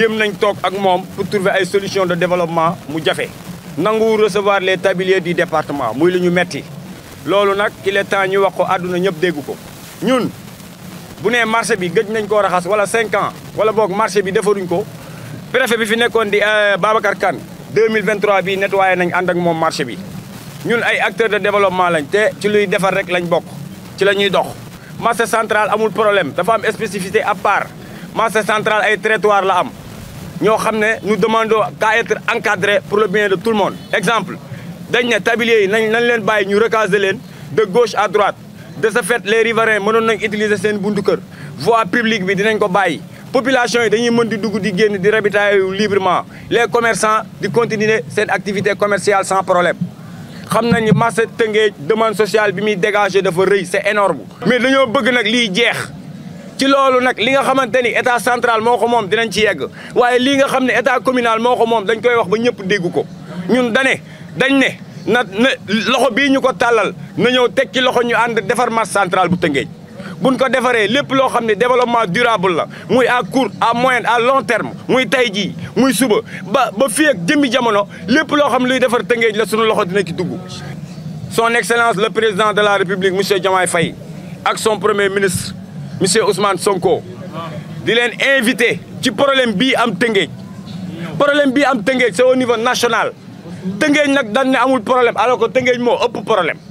jéem nañ toog ak moom pour ay solution de développement mu jafe nangu recevoir les tabliers du département muy lu ñu metti loolu nag il est temps ñu wax ko àdduna ñëpp dégg ko ñun bu nee marché bi gëj nañ koo raxas wala 5 ans wala boog marché bi defaruñ ko préfet bi fi nekkoon di euh, Babacar Kane 2023 bi waaye nañ ànd ak moom marché bi ñun ay acteur de développement lañ te ci luy defar rek lañ bokk ci la ñuy dox marché central amul problème dafa am spécificité à part marché central ay trottoir la am ñoo xam ne nous demandons qu'à être encadrés pour le bien de tout le monde exemple dañ ne tablier yi nañ nañ leen bàyyi ñu recaser leen de gauche à droite de ce fait les riverains mënoon nañ utiliser seen buntu kër voie publique bi dinañ ko bàyyi population yi dañuy mën di dugg di génn di ravitaayu librement les commerçants di continuer seen activité commerciale sans problème xam nañ ni marché Tëngéej demande sociale bi muy dégager dafa rëy c'est énorme mais dañoo bëgg nag lii jeex ci loolu nag li nga xamante ni état central moo ko moom dinañ ci yegg waaye lii nga xam ne état communal moo ko moom dañ koy wax ba ñëpp dégg ko ñun dane dañ ne na na loxo bii ñu ko tàllal na ñëw tekki ci loxo ñu ànd defar marché central bu Tëngéej buñ ko defaree lépp loo xam ne développement durable la muy à court à moyen à lon terme muy tey jii muy suba ba ba fii ak jëmmi jamono lépp loo xam luy defar Tëngéej la sunu loxo dina ci dugg son excellence le président de la république monsieur Diomaye Faye ak son monsieur Ousmane Sonko di leen invité ci problème bii am Tëngéej problème bii am Tëngéej se au niveau national Tëngéej nag dañ ne amul problème alors que Tëngéej moo ëpp problème